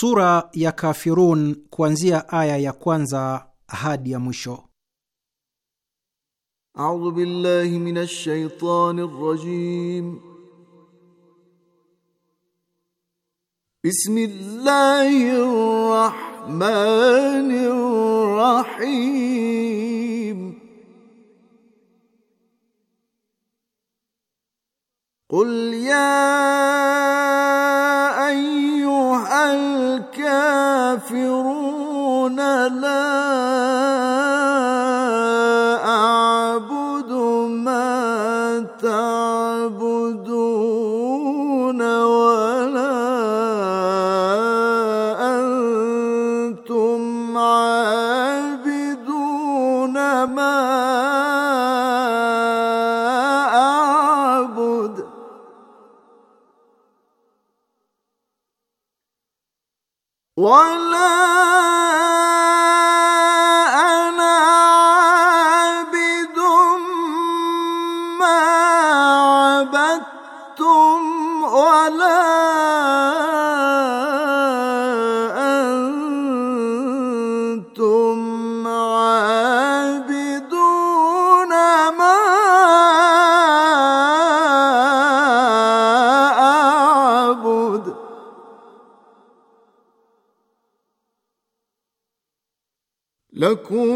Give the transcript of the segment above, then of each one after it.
Sura ya Kafirun kuanzia aya ya kwanza hadi ya mwisho. A'udhu billahi minash shaitani rajim. Bismillahir rahmanir rahim. Qul ya ayyuhal الكافرون لا One. لكم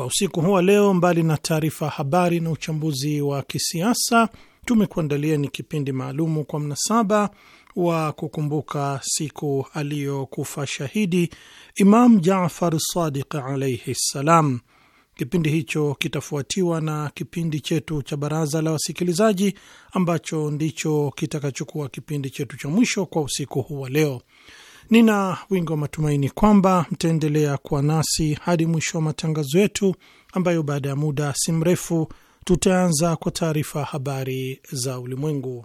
Kwa usiku huu wa leo, mbali na taarifa ya habari na uchambuzi wa kisiasa, tumekuandalia ni kipindi maalumu kwa mnasaba wa kukumbuka siku aliyokufa shahidi Imam Jafar Sadiq alaihi ssalam. Kipindi hicho kitafuatiwa na kipindi chetu cha baraza la wasikilizaji ambacho ndicho kitakachokuwa kipindi chetu cha mwisho kwa usiku huu wa leo. Nina wingi wa matumaini kwamba mtaendelea kuwa nasi hadi mwisho wa matangazo yetu, ambayo baada ya muda si mrefu tutaanza kwa taarifa habari za ulimwengu.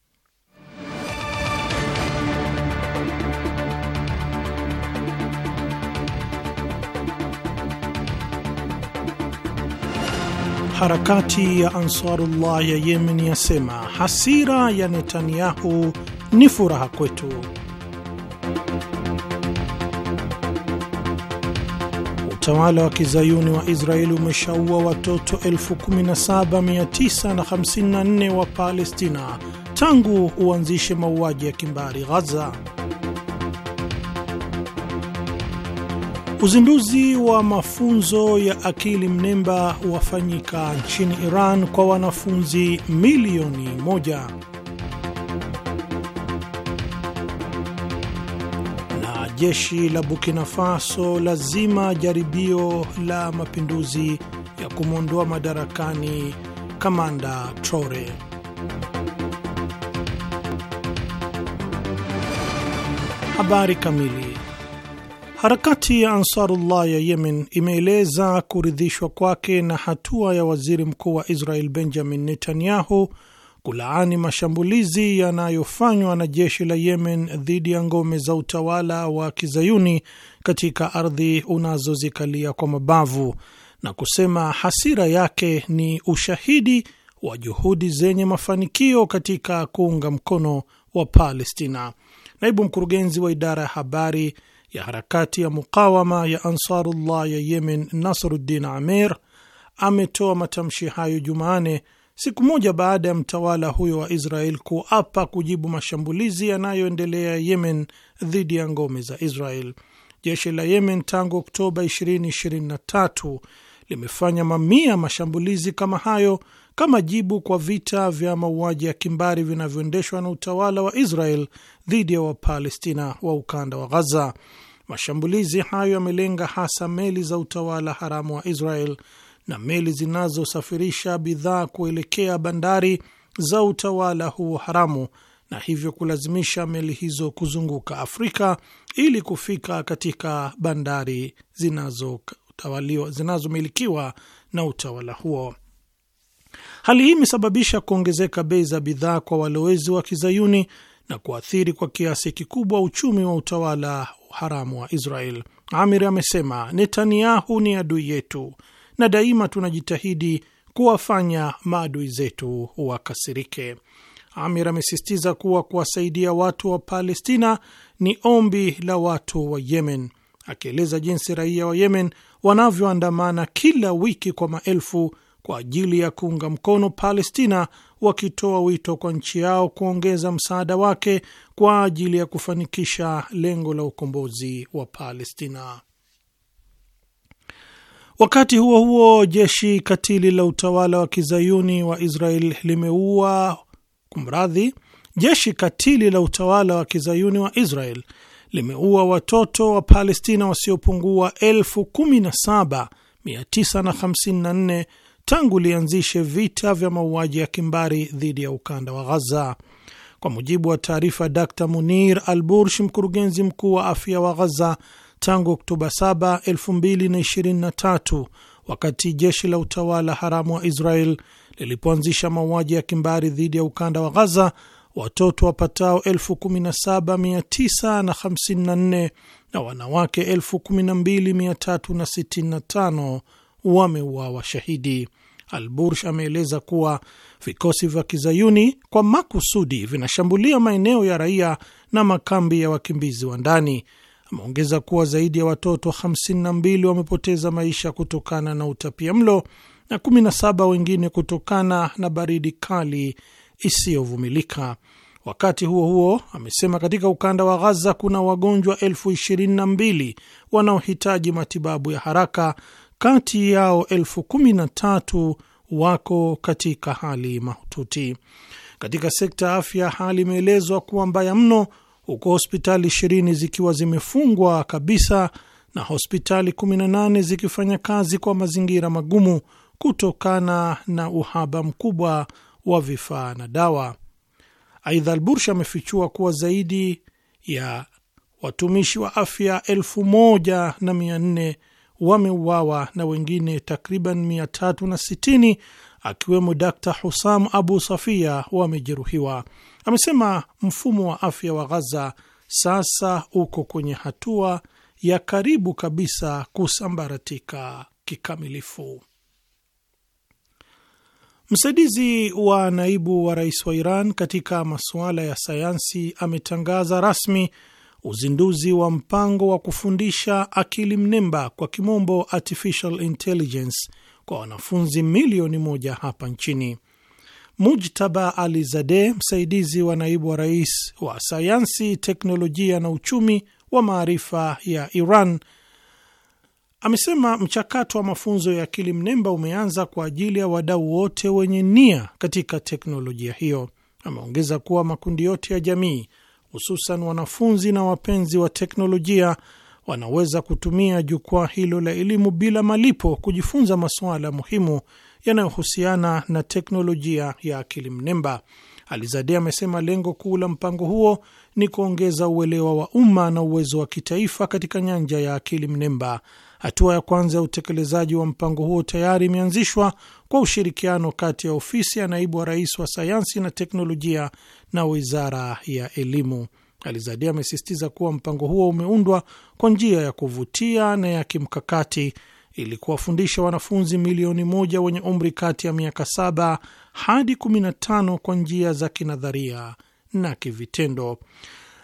Harakati ya Ansarullah ya Yemen yasema hasira ya Netanyahu ni furaha kwetu. Utawala wa kizayuni wa Israeli umeshaua watoto 17954 wa Palestina tangu uanzishe mauaji ya kimbari Ghaza. Uzinduzi wa mafunzo ya akili mnemba wafanyika nchini Iran kwa wanafunzi milioni moja. Na jeshi la Burkina Faso lazima jaribio la mapinduzi ya kumwondoa madarakani kamanda Traore. Habari kamili Harakati ya Ansarullah ya Yemen imeeleza kuridhishwa kwake na hatua ya waziri mkuu wa Israel Benjamin Netanyahu kulaani mashambulizi yanayofanywa na jeshi la Yemen dhidi ya ngome za utawala wa kizayuni katika ardhi unazozikalia kwa mabavu na kusema hasira yake ni ushahidi wa juhudi zenye mafanikio katika kuunga mkono wa Palestina. Naibu mkurugenzi wa idara ya habari ya harakati ya mukawama ya Ansarullah ya Yemen, Nasruddin Amir ametoa matamshi hayo Jumane, siku moja baada ya mtawala huyo wa Israel kuapa kujibu mashambulizi yanayoendelea Yemen dhidi ya ngome za Israel. Jeshi la Yemen tangu Oktoba 2023 limefanya mamia mashambulizi kama hayo kama jibu kwa vita vya mauaji ya kimbari vinavyoendeshwa na utawala wa Israel dhidi ya Wapalestina wa ukanda wa Ghaza. Mashambulizi hayo yamelenga hasa meli za utawala haramu wa Israel na meli zinazosafirisha bidhaa kuelekea bandari za utawala huo haramu na hivyo kulazimisha meli hizo kuzunguka Afrika ili kufika katika bandari zinazomilikiwa na utawala huo. Hali hii imesababisha kuongezeka bei za bidhaa kwa walowezi wa kizayuni na kuathiri kwa kiasi kikubwa uchumi wa utawala haramu wa Israel. Amir amesema Netanyahu ni adui yetu na daima tunajitahidi kuwafanya maadui zetu wakasirike. Amir amesisitiza kuwa kuwasaidia watu wa Palestina ni ombi la watu wa Yemen, akieleza jinsi raia wa Yemen wanavyoandamana kila wiki kwa maelfu kwa ajili ya kuunga mkono Palestina, wakitoa wito kwa nchi yao kuongeza msaada wake kwa ajili ya kufanikisha lengo la ukombozi wa Palestina. Wakati huo huo, jeshi katili la utawala wa kizayuni wa Israel limeua kumradhi, jeshi katili la utawala wa kizayuni wa Israel limeua watoto wa Palestina wasiopungua elfu kumi na saba mia tisa na hamsini na nne tangu lianzishe vita vya mauaji ya kimbari dhidi ya ukanda wa Ghaza. Kwa mujibu wa taarifa Dr Munir Al Bursh, mkurugenzi mkuu wa afya wa Ghaza, tangu Oktoba 7, 2023 wakati jeshi la utawala haramu wa Israel lilipoanzisha mauaji ya kimbari dhidi ya ukanda wa Ghaza, watoto wapatao 17954 na wanawake 12365 wameuawa shahidi. Albursh ameeleza kuwa vikosi vya kizayuni kwa makusudi vinashambulia maeneo ya raia na makambi ya wakimbizi wa ndani. Ameongeza kuwa zaidi ya watoto 52 wamepoteza maisha kutokana na utapia mlo na 17 wengine kutokana na baridi kali isiyovumilika. Wakati huo huo, amesema katika ukanda wa Ghaza kuna wagonjwa elfu wanaohitaji matibabu ya haraka kati yao elfu kumi na tatu wako katika hali mahututi. Katika sekta ya afya, hali imeelezwa kuwa mbaya mno, huku hospitali ishirini zikiwa zimefungwa kabisa na hospitali 18 zikifanya kazi kwa mazingira magumu kutokana na uhaba mkubwa wa vifaa na dawa. Aidha, Albursh amefichua kuwa zaidi ya watumishi wa afya elfu moja na mia nne wameuawa na wengine takriban 360 akiwemo Dr Husam Abu Safia wamejeruhiwa. Amesema mfumo wa afya wa Ghaza sasa uko kwenye hatua ya karibu kabisa kusambaratika kikamilifu. Msaidizi wa naibu wa rais wa Iran katika masuala ya sayansi ametangaza rasmi uzinduzi wa mpango wa kufundisha akili mnemba kwa kimombo artificial intelligence kwa wanafunzi milioni moja hapa nchini. Mujtaba Ali Zade, msaidizi wa naibu wa rais wa sayansi, teknolojia na uchumi wa maarifa ya Iran, amesema mchakato wa mafunzo ya akili mnemba umeanza kwa ajili ya wadau wote wenye nia katika teknolojia hiyo. Ameongeza kuwa makundi yote ya jamii hususan wanafunzi na wapenzi wa teknolojia wanaweza kutumia jukwaa hilo la elimu bila malipo kujifunza masuala muhimu yanayohusiana na teknolojia ya akili mnemba. alizadi amesema lengo kuu la mpango huo ni kuongeza uelewa wa umma na uwezo wa kitaifa katika nyanja ya akili mnemba. Hatua ya kwanza ya utekelezaji wa mpango huo tayari imeanzishwa kwa ushirikiano kati ya ofisi ya naibu wa rais wa sayansi na teknolojia na wizara ya elimu. Alizadi amesisitiza kuwa mpango huo umeundwa kwa njia ya kuvutia na ya kimkakati ili kuwafundisha wanafunzi milioni moja wenye umri kati ya miaka saba hadi tano kwa njia za kinadharia na kivitendo.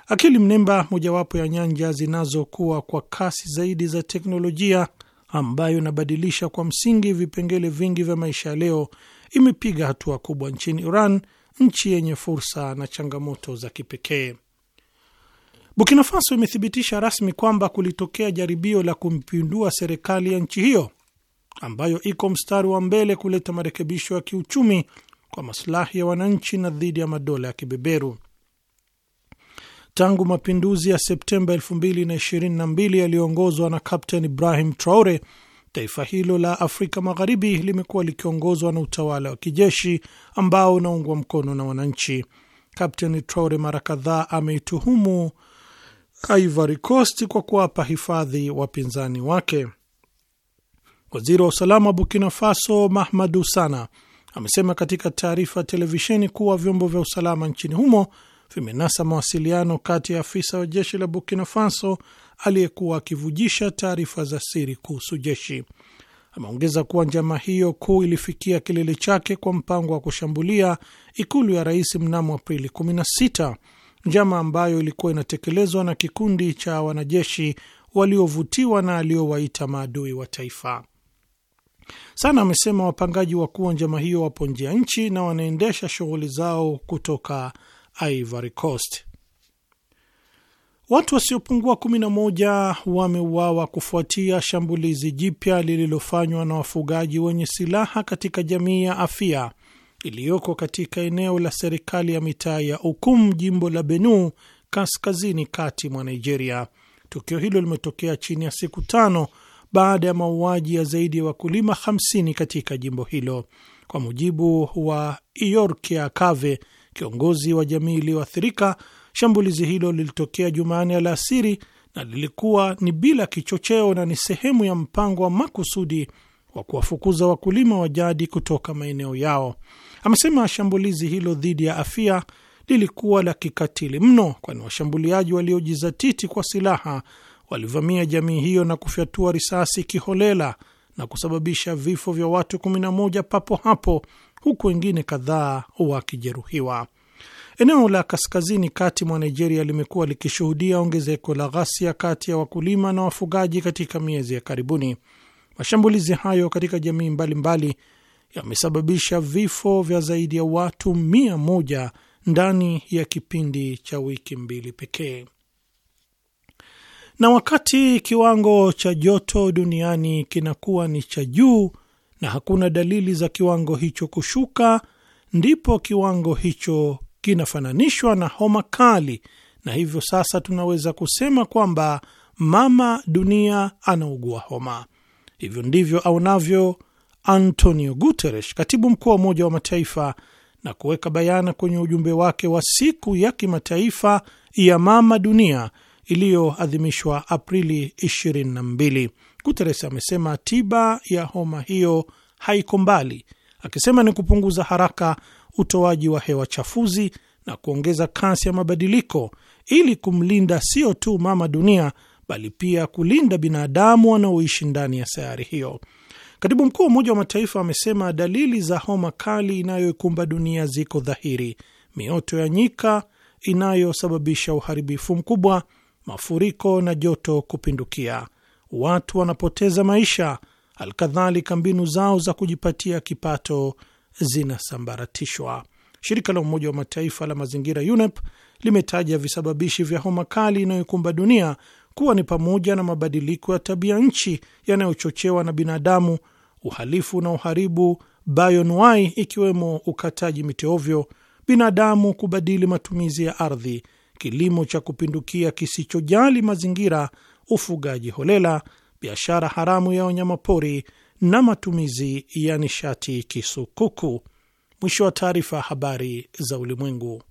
Akili mnemba, mojawapo ya nyanja zinazokuwa kwa kasi zaidi za teknolojia, ambayo inabadilisha kwa msingi vipengele vingi vya maisha ya leo imepiga hatua kubwa nchini Iran, nchi yenye fursa na changamoto za kipekee. Burkina Faso imethibitisha rasmi kwamba kulitokea jaribio la kumpindua serikali ya nchi hiyo ambayo iko mstari wa mbele kuleta marekebisho ya kiuchumi kwa masilahi ya wananchi na dhidi ya madola ya kibeberu tangu mapinduzi ya Septemba 2022 yaliyoongozwa na Kapten Ibrahim Traore, taifa hilo la Afrika Magharibi limekuwa likiongozwa na utawala wa kijeshi ambao unaungwa mkono na wananchi. Kapten Traore mara kadhaa ameituhumu Ivory Coast kwa kuwapa hifadhi wapinzani wake. Waziri wa usalama wa Burkina Faso Mahmadu Sana amesema katika taarifa ya televisheni kuwa vyombo vya usalama nchini humo vimenasa mawasiliano kati ya afisa wa jeshi la Burkina Faso aliyekuwa akivujisha taarifa za siri kuhusu jeshi. Ameongeza kuwa njama hiyo kuu ilifikia kilele chake kwa mpango wa kushambulia ikulu ya rais mnamo Aprili 16, njama ambayo ilikuwa inatekelezwa na kikundi cha wanajeshi waliovutiwa na aliowaita maadui wa taifa. Sana amesema wapangaji wakuu wa njama hiyo wapo nje ya nchi na wanaendesha shughuli zao kutoka Ivory Coast. Watu wasiopungua 11 wameuawa kufuatia shambulizi jipya lililofanywa na wafugaji wenye silaha katika jamii ya Afia iliyoko katika eneo la serikali ya mitaa ya ukum jimbo la Benue, kaskazini kati mwa Nigeria. Tukio hilo limetokea chini ya siku tano baada ya mauaji ya zaidi ya wakulima 50 katika jimbo hilo. Kwa mujibu wa Iorkia Kave, kiongozi wa jamii iliyoathirika. Shambulizi hilo lilitokea Jumanne alasiri na lilikuwa ni bila kichocheo na ni sehemu ya mpango wa makusudi wa kuwafukuza wakulima wa jadi kutoka maeneo yao. Amesema shambulizi hilo dhidi ya afya lilikuwa la kikatili mno, kwani washambuliaji waliojizatiti kwa silaha walivamia jamii hiyo na kufyatua risasi kiholela na kusababisha vifo vya watu 11 papo hapo, huku wengine kadhaa wakijeruhiwa. Eneo la kaskazini kati mwa Nigeria limekuwa likishuhudia ongezeko la ghasia kati ya wakulima na wafugaji katika miezi ya karibuni. Mashambulizi hayo katika jamii mbalimbali yamesababisha vifo vya zaidi ya watu mia moja ndani ya kipindi cha wiki mbili pekee. Na wakati kiwango cha joto duniani kinakuwa ni cha juu na hakuna dalili za kiwango hicho kushuka, ndipo kiwango hicho kinafananishwa na homa kali, na hivyo sasa tunaweza kusema kwamba mama dunia anaugua homa. Hivyo ndivyo aonavyo Antonio Guterres, katibu mkuu wa Umoja wa Mataifa, na kuweka bayana kwenye ujumbe wake wa siku ya kimataifa ya mama dunia iliyoadhimishwa Aprili 22. Guterres amesema tiba ya homa hiyo haiko mbali, akisema ni kupunguza haraka utoaji wa hewa chafuzi na kuongeza kasi ya mabadiliko ili kumlinda sio tu mama dunia bali pia kulinda binadamu wanaoishi ndani ya sayari hiyo. Katibu mkuu wa Umoja wa Mataifa amesema dalili za homa kali inayoikumba dunia ziko dhahiri: mioto ya nyika inayosababisha uharibifu mkubwa, mafuriko na joto kupindukia. Watu wanapoteza maisha, alkadhalika mbinu zao za kujipatia kipato zinasambaratishwa. Shirika la Umoja wa Mataifa la mazingira UNEP limetaja visababishi vya homa kali inayoikumba dunia kuwa ni pamoja na mabadiliko ya tabia nchi yanayochochewa na binadamu, uhalifu na uharibu bayonuai, ikiwemo ukataji miti ovyo, binadamu kubadili matumizi ya ardhi kilimo cha kupindukia kisichojali mazingira, ufugaji holela, biashara haramu ya wanyamapori na matumizi ya nishati kisukuku. Mwisho wa taarifa. Habari za Ulimwengu.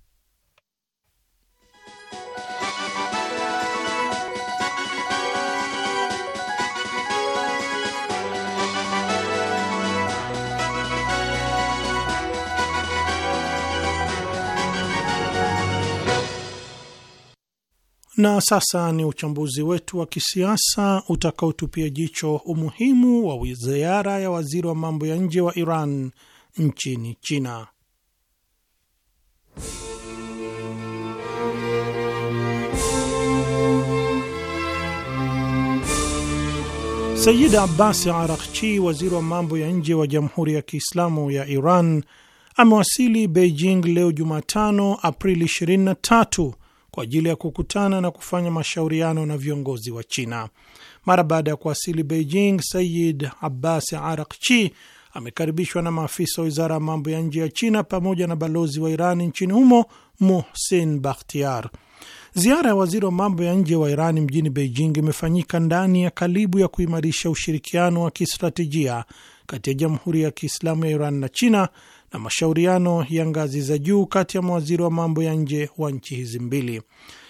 Na sasa ni uchambuzi wetu wa kisiasa utakaotupia jicho umuhimu wa ziara ya waziri wa mambo ya nje wa Iran nchini China. Sayid Abbas Arakchi, waziri wa mambo ya nje wa Jamhuri ya Kiislamu ya Iran, amewasili Beijing leo Jumatano, Aprili 23 kwa ajili ya kukutana na kufanya mashauriano na viongozi wa China. Mara baada ya kuwasili Beijing, Sayid Abbas Arakchi amekaribishwa na maafisa wa wizara ya mambo ya nje ya China pamoja na balozi wa Iran nchini humo Muhsin Bakhtiar. Ziara ya waziri wa mambo ya nje wa Iran mjini Beijing imefanyika ndani ya kalibu ya kuimarisha ushirikiano wa kistratejia kati ya Jamhuri ya Kiislamu ya Iran na China na mashauriano ya ngazi za juu kati ya mawaziri wa mambo ya nje wa nchi hizi mbili.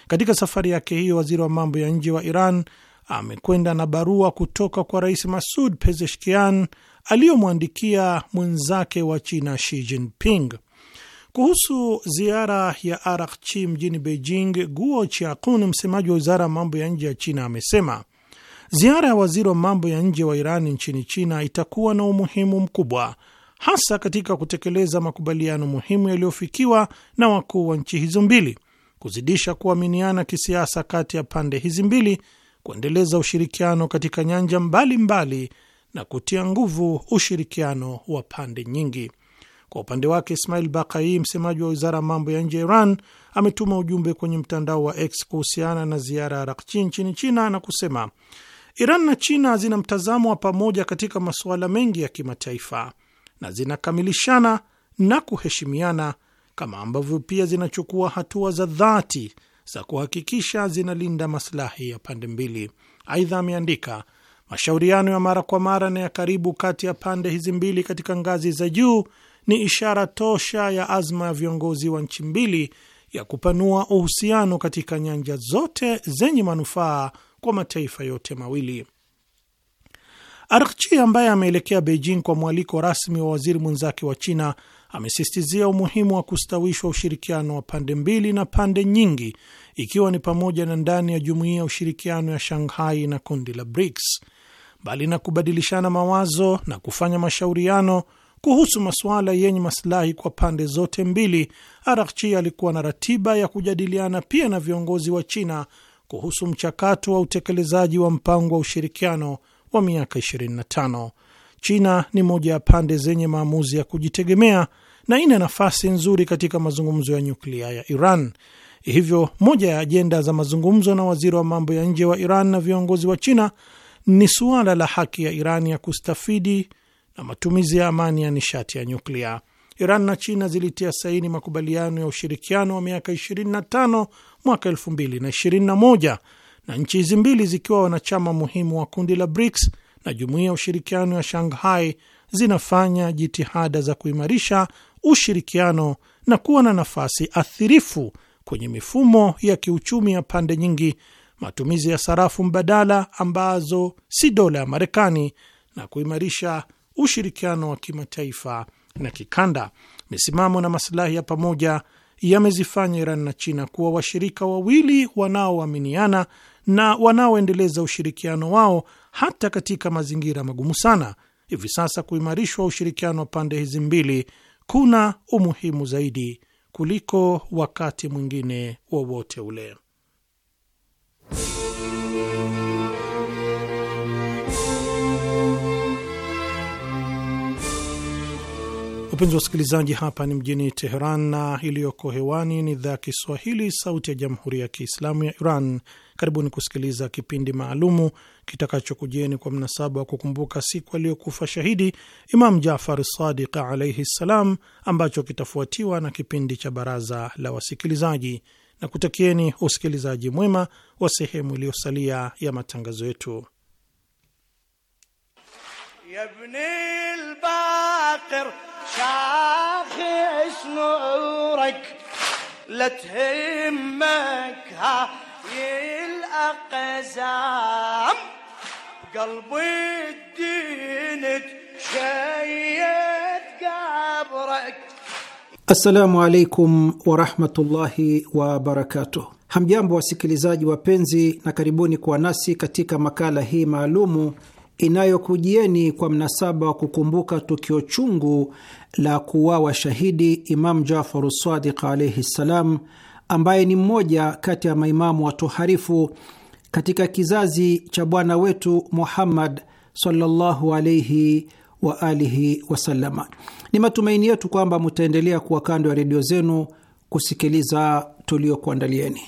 Katika safari yake hiyo, waziri wa mambo ya nje wa Iran amekwenda na barua kutoka kwa Rais Masud Pezeshkian aliyomwandikia mwenzake wa China Xi Jinping kuhusu ziara ya Arakchi mjini Beijing. Guo Chiakun, msemaji wa wizara ya mambo ya nje ya China, amesema ziara ya waziri wa mambo ya nje wa Iran nchini China itakuwa na umuhimu mkubwa hasa katika kutekeleza makubaliano muhimu yaliyofikiwa na wakuu wa nchi hizo mbili, kuzidisha kuaminiana kisiasa kati ya pande hizi mbili, kuendeleza ushirikiano katika nyanja mbalimbali mbali, na kutia nguvu ushirikiano wa pande nyingi. Kwa upande wake Ismail Bakai, msemaji wa wizara ya mambo ya nje ya Iran, ametuma ujumbe kwenye mtandao wa X kuhusiana na ziara ya Rakchi nchini China na kusema Iran na China zina mtazamo wa pamoja katika masuala mengi ya kimataifa na zinakamilishana na kuheshimiana kama ambavyo pia zinachukua hatua za dhati za kuhakikisha zinalinda maslahi ya pande mbili. Aidha, ameandika mashauriano ya mara kwa mara na ya karibu kati ya pande hizi mbili katika ngazi za juu ni ishara tosha ya azma ya viongozi wa nchi mbili ya kupanua uhusiano katika nyanja zote zenye manufaa kwa mataifa yote mawili. Araghchi ambaye ameelekea Beijing kwa mwaliko rasmi wa waziri mwenzake wa China amesisitizia umuhimu wa kustawishwa ushirikiano wa pande mbili na pande nyingi, ikiwa ni pamoja na ndani ya jumuiya ya ushirikiano ya Shanghai na kundi la BRICS. Mbali na kubadilishana mawazo na kufanya mashauriano kuhusu masuala yenye masilahi kwa pande zote mbili, Arakchi alikuwa na ratiba ya kujadiliana pia na viongozi wa China kuhusu mchakato wa utekelezaji wa mpango wa ushirikiano wa miaka 25. China ni moja ya pande zenye maamuzi ya kujitegemea na ina nafasi nzuri katika mazungumzo ya nyuklia ya Iran. Hivyo, moja ya ajenda za mazungumzo na waziri wa mambo ya nje wa Iran na viongozi wa China ni suala la haki ya Iran ya kustafidi na matumizi ya amani ya nishati ya nyuklia. Iran na China zilitia saini makubaliano ya ushirikiano wa miaka 25 mwaka 2021 na nchi hizi mbili zikiwa wanachama muhimu wa kundi la BRICS na jumuiya ya ushirikiano ya Shanghai zinafanya jitihada za kuimarisha ushirikiano na kuwa na nafasi athirifu kwenye mifumo ya kiuchumi ya pande nyingi, matumizi ya sarafu mbadala ambazo si dola ya Marekani na kuimarisha ushirikiano wa kimataifa na kikanda. Misimamo na masilahi ya pamoja yamezifanya Iran na China kuwa washirika wawili wanaoaminiana na wanaoendeleza ushirikiano wao hata katika mazingira magumu sana. Hivi sasa kuimarishwa ushirikiano wa pande hizi mbili kuna umuhimu zaidi kuliko wakati mwingine wowote ule. Wapenzi wa wasikilizaji, hapa ni mjini Teheran na iliyoko hewani ni idhaa ya Kiswahili, Sauti ya Jamhuri ya Kiislamu ya Iran Karibuni kusikiliza kipindi maalumu kitakachokujieni kwa mnasaba wa kukumbuka siku aliyokufa shahidi Imam Jafar Sadiq alaihi ssalam, ambacho kitafuatiwa na kipindi cha baraza la wasikilizaji na kutakieni usikilizaji mwema wa sehemu iliyosalia ya matangazo yetu. زام بقلبي الدين شيت قبرك عليكم ورحمة الله وبركاته Hamjambo wasikilizaji wapenzi, na karibuni kuwa nasi katika makala hii maalumu inayokujieni kwa mnasaba wa kukumbuka tukio chungu la kuwawa shahidi Imam Jafaru Sadiq alaihi ssalam ambaye ni mmoja kati ya maimamu watoharifu katika kizazi cha bwana wetu Muhammad sallallahu alaihi wa alihi wasalama. Ni matumaini yetu kwamba mutaendelea kuwa kando ya redio zenu kusikiliza tuliokuandalieni.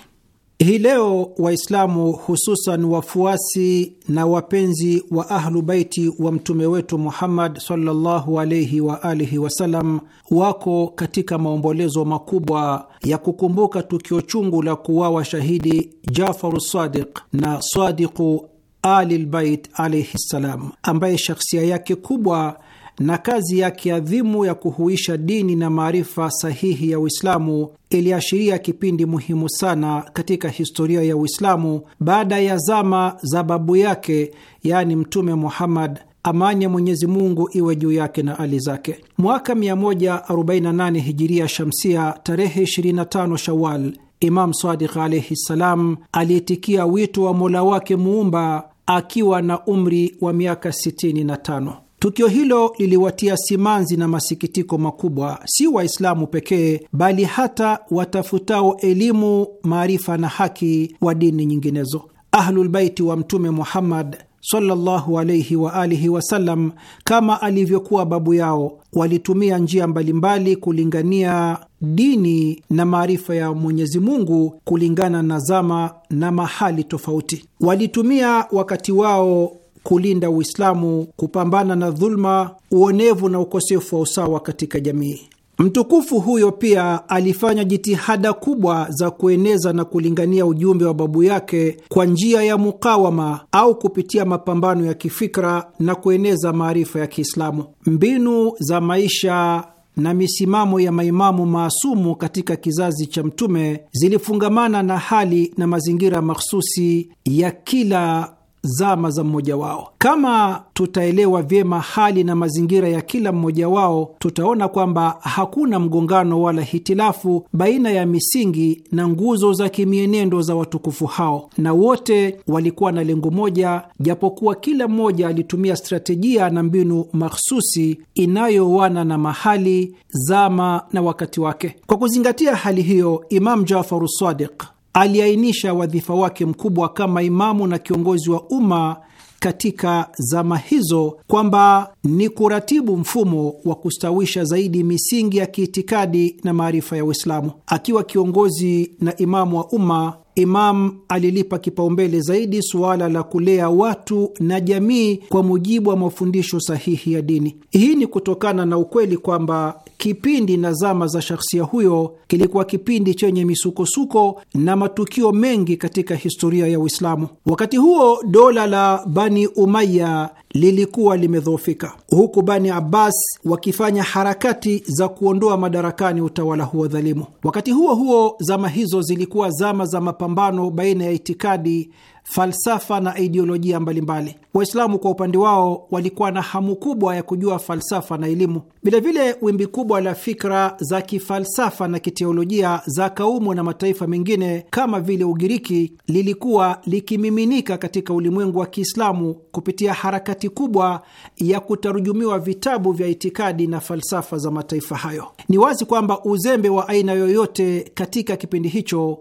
Hii leo Waislamu hususan wafuasi na wapenzi wa Ahlu Baiti wa mtume wetu Muhammad sallallahu alaihi wa alihi wasallam wako katika maombolezo makubwa ya kukumbuka tukio chungu la kuwawa shahidi Jafaru Sadiq na Sadiqu Alilbait alaihi ssalam, ambaye shakhsia yake kubwa na kazi yake adhimu ya kuhuisha dini na maarifa sahihi ya Uislamu iliashiria kipindi muhimu sana katika historia ya Uislamu baada ya zama za babu yake, yaani Mtume Muhammad amani ya Mwenyezi Mungu iwe juu yake na ali zake. Mwaka 148 hijiria shamsia, tarehe 25 Shawal, Imam Sadiq alaihi ssalam aliitikia wito wa mola wake muumba akiwa na umri wa miaka 65. Tukio hilo liliwatia simanzi na masikitiko makubwa, si Waislamu pekee, bali hata watafutao elimu, maarifa na haki wa dini nyinginezo. Ahlulbaiti wa Mtume Muhammad sallallahu alayhi wa alihi wasallam, kama alivyokuwa babu yao, walitumia njia mbalimbali kulingania dini na maarifa ya Mwenyezi Mungu kulingana na zama na mahali tofauti. Walitumia wakati wao kulinda Uislamu, kupambana na dhuluma, uonevu na ukosefu wa usawa katika jamii. Mtukufu huyo pia alifanya jitihada kubwa za kueneza na kulingania ujumbe wa babu yake kwa njia ya mukawama au kupitia mapambano ya kifikra na kueneza maarifa ya Kiislamu. Mbinu za maisha na misimamo ya maimamu maasumu katika kizazi cha Mtume zilifungamana na hali na mazingira mahsusi ya kila zama za mmoja wao. Kama tutaelewa vyema hali na mazingira ya kila mmoja wao, tutaona kwamba hakuna mgongano wala hitilafu baina ya misingi na nguzo za kimienendo za watukufu hao, na wote walikuwa na lengo moja, japokuwa kila mmoja alitumia stratejia na mbinu mahsusi inayowana na mahali, zama na wakati wake. Kwa kuzingatia hali hiyo, Imam Jafaru Sadiq aliainisha wadhifa wake mkubwa kama imamu na kiongozi wa umma katika zama hizo kwamba ni kuratibu mfumo wa kustawisha zaidi misingi ya kiitikadi na maarifa ya Uislamu. Akiwa kiongozi na imamu wa umma, Imam alilipa kipaumbele zaidi suala la kulea watu na jamii kwa mujibu wa mafundisho sahihi ya dini. Hii ni kutokana na ukweli kwamba kipindi na zama za shakhsia huyo kilikuwa kipindi chenye misukosuko na matukio mengi katika historia ya Uislamu. Wakati huo dola la Bani Umaya lilikuwa limedhoofika, huku Bani Abbas wakifanya harakati za kuondoa madarakani utawala huo dhalimu. Wakati huo huo, zama hizo zilikuwa zama za mapambano baina ya itikadi falsafa na idiolojia mbalimbali. Waislamu kwa upande wao walikuwa na hamu kubwa ya kujua falsafa na elimu. Vilevile, wimbi kubwa la fikra za kifalsafa na kiteolojia za kaumu na mataifa mengine kama vile Ugiriki lilikuwa likimiminika katika ulimwengu wa Kiislamu kupitia harakati kubwa ya kutarujumiwa vitabu vya itikadi na falsafa za mataifa hayo. Ni wazi kwamba uzembe wa aina yoyote katika kipindi hicho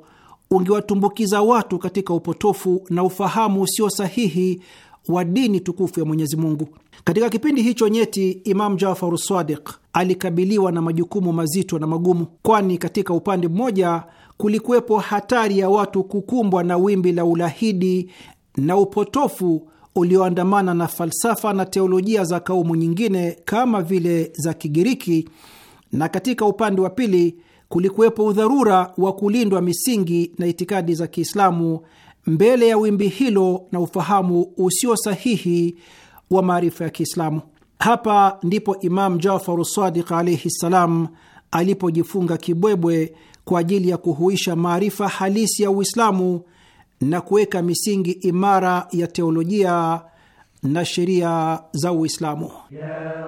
ungewatumbukiza watu katika upotofu na ufahamu usio sahihi wa dini tukufu ya Mwenyezi Mungu. Katika kipindi hicho nyeti, imamu Jafaru Sadiq alikabiliwa na majukumu mazito na magumu, kwani katika upande mmoja kulikuwepo hatari ya watu kukumbwa na wimbi la ulahidi na upotofu ulioandamana na falsafa na teolojia za kaumu nyingine kama vile za Kigiriki, na katika upande wa pili kulikuwepo udharura wa kulindwa misingi na itikadi za Kiislamu mbele ya wimbi hilo na ufahamu usio sahihi wa maarifa ya Kiislamu. Hapa ndipo Imam Jafaru Sadiq alaihi ssalam alipojifunga kibwebwe kwa ajili ya kuhuisha maarifa halisi ya Uislamu na kuweka misingi imara ya teolojia na sheria za Uislamu ya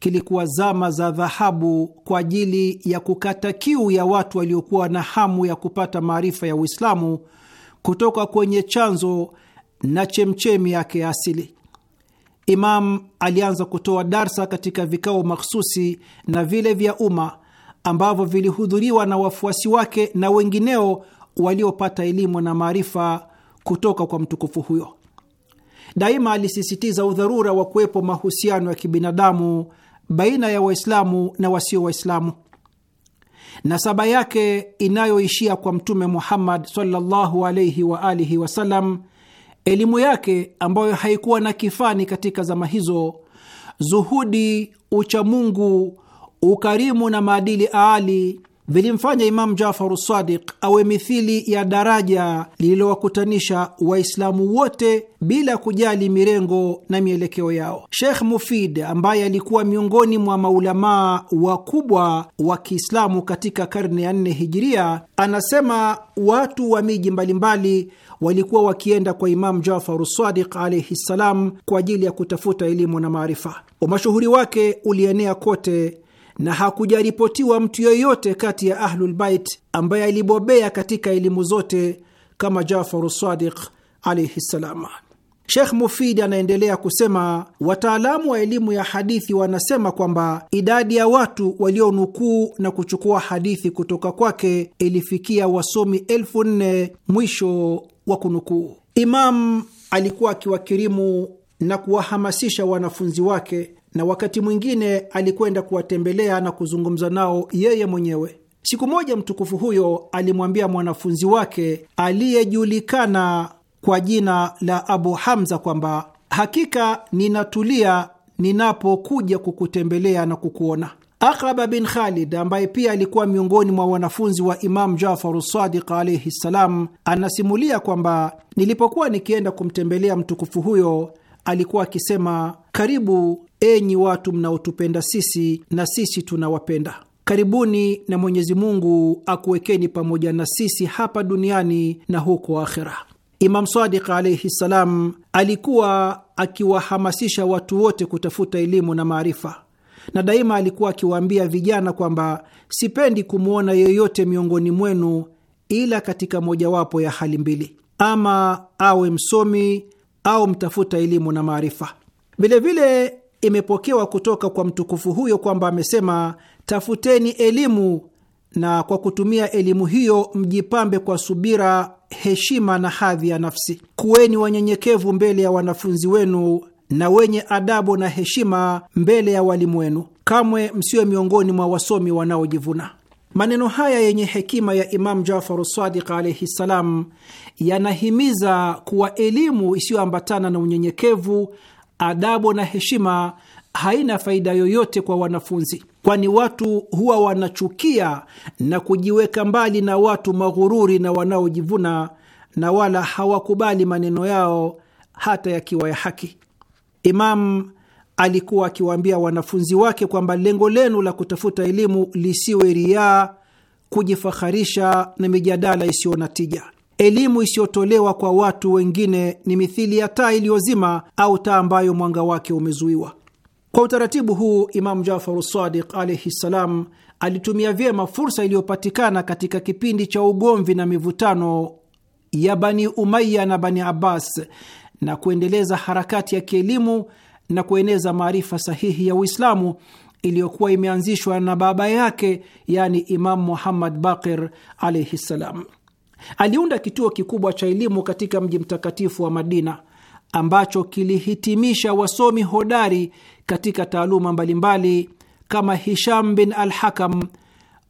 kilikuwa zama za dhahabu kwa ajili ya kukata kiu ya watu waliokuwa na hamu ya kupata maarifa ya Uislamu kutoka kwenye chanzo na chemchemi yake ya asili. Imam alianza kutoa darsa katika vikao makhususi na vile vya umma ambavyo vilihudhuriwa na wafuasi wake na wengineo waliopata elimu na maarifa kutoka kwa mtukufu huyo. Daima alisisitiza udharura wa kuwepo mahusiano ya kibinadamu baina ya Waislamu na wasio Waislamu. Nasaba yake inayoishia kwa Mtume Muhammad sallallahu alaihi wa alihi wasallam, elimu yake ambayo haikuwa na kifani katika zama hizo, zuhudi, uchamungu, ukarimu na maadili aali vilimfanya Imamu Jafaru Sadiq awe mithili ya daraja lililowakutanisha Waislamu wote bila kujali mirengo na mielekeo yao. Sheikh Mufid ambaye alikuwa miongoni mwa maulamaa wakubwa wa Kiislamu katika karne ya nne hijiria, anasema watu wa miji mbalimbali walikuwa wakienda kwa Imamu Jafaru Sadiq alaihi ssalam kwa ajili ya kutafuta elimu na maarifa. Umashuhuri wake ulienea kote na hakujaripotiwa mtu yoyote kati ya Ahlulbait ambaye alibobea katika elimu zote kama Jafaru Sadiq alaihi ssalam. Shekh Mufid anaendelea kusema wataalamu wa elimu ya hadithi wanasema kwamba idadi ya watu walionukuu na kuchukua hadithi kutoka kwake ilifikia wasomi elfu nne mwisho wa kunukuu. Imam alikuwa akiwakirimu na kuwahamasisha wanafunzi wake na wakati mwingine alikwenda kuwatembelea na kuzungumza nao yeye mwenyewe. Siku moja mtukufu huyo alimwambia mwanafunzi wake aliyejulikana kwa jina la Abu Hamza kwamba hakika ninatulia ninapokuja kukutembelea na kukuona. Aqaba bin Khalid ambaye pia alikuwa miongoni mwa wanafunzi wa Imamu Jafaru Sadiq alaihi ssalam, anasimulia kwamba nilipokuwa nikienda kumtembelea mtukufu huyo alikuwa akisema, karibu enyi watu mnaotupenda sisi na sisi tunawapenda, karibuni na Mwenyezi Mungu akuwekeni pamoja na sisi hapa duniani na huko akhera. Imam Sadiq alaihi ssalam alikuwa akiwahamasisha watu wote kutafuta elimu na maarifa, na daima alikuwa akiwaambia vijana kwamba sipendi kumwona yeyote miongoni mwenu ila katika mojawapo ya hali mbili, ama awe msomi au mtafuta elimu na maarifa. Vilevile imepokewa kutoka kwa mtukufu huyo kwamba amesema, tafuteni elimu na kwa kutumia elimu hiyo mjipambe kwa subira, heshima na hadhi ya nafsi. Kuweni wanyenyekevu mbele ya wanafunzi wenu na wenye adabu na heshima mbele ya walimu wenu. Kamwe msiwe miongoni mwa wasomi wanaojivuna. Maneno haya yenye hekima ya Imamu Jafaru Sadiq alaihi ssalam yanahimiza kuwa elimu isiyoambatana na unyenyekevu, adabu na heshima haina faida yoyote kwa wanafunzi, kwani watu huwa wanachukia na kujiweka mbali na watu maghururi na wanaojivuna, na wala hawakubali maneno yao hata yakiwa ya haki. Imam alikuwa akiwaambia wanafunzi wake kwamba lengo lenu la kutafuta elimu lisiwe riaa, kujifaharisha na mijadala isiyo na tija. Elimu isiyotolewa kwa watu wengine ni mithili ya taa iliyozima au taa ambayo mwanga wake umezuiwa. Kwa utaratibu huu, Imamu Jafaru Sadiq alaihi ssalam alitumia vyema fursa iliyopatikana katika kipindi cha ugomvi na mivutano ya Bani Umaya na Bani Abbas na kuendeleza harakati ya kielimu na kueneza maarifa sahihi ya Uislamu iliyokuwa imeanzishwa na baba yake, yaani Imamu Muhammad Baqir alaihi ssalam. Aliunda kituo kikubwa cha elimu katika mji mtakatifu wa Madina ambacho kilihitimisha wasomi hodari katika taaluma mbalimbali kama Hisham bin Alhakam,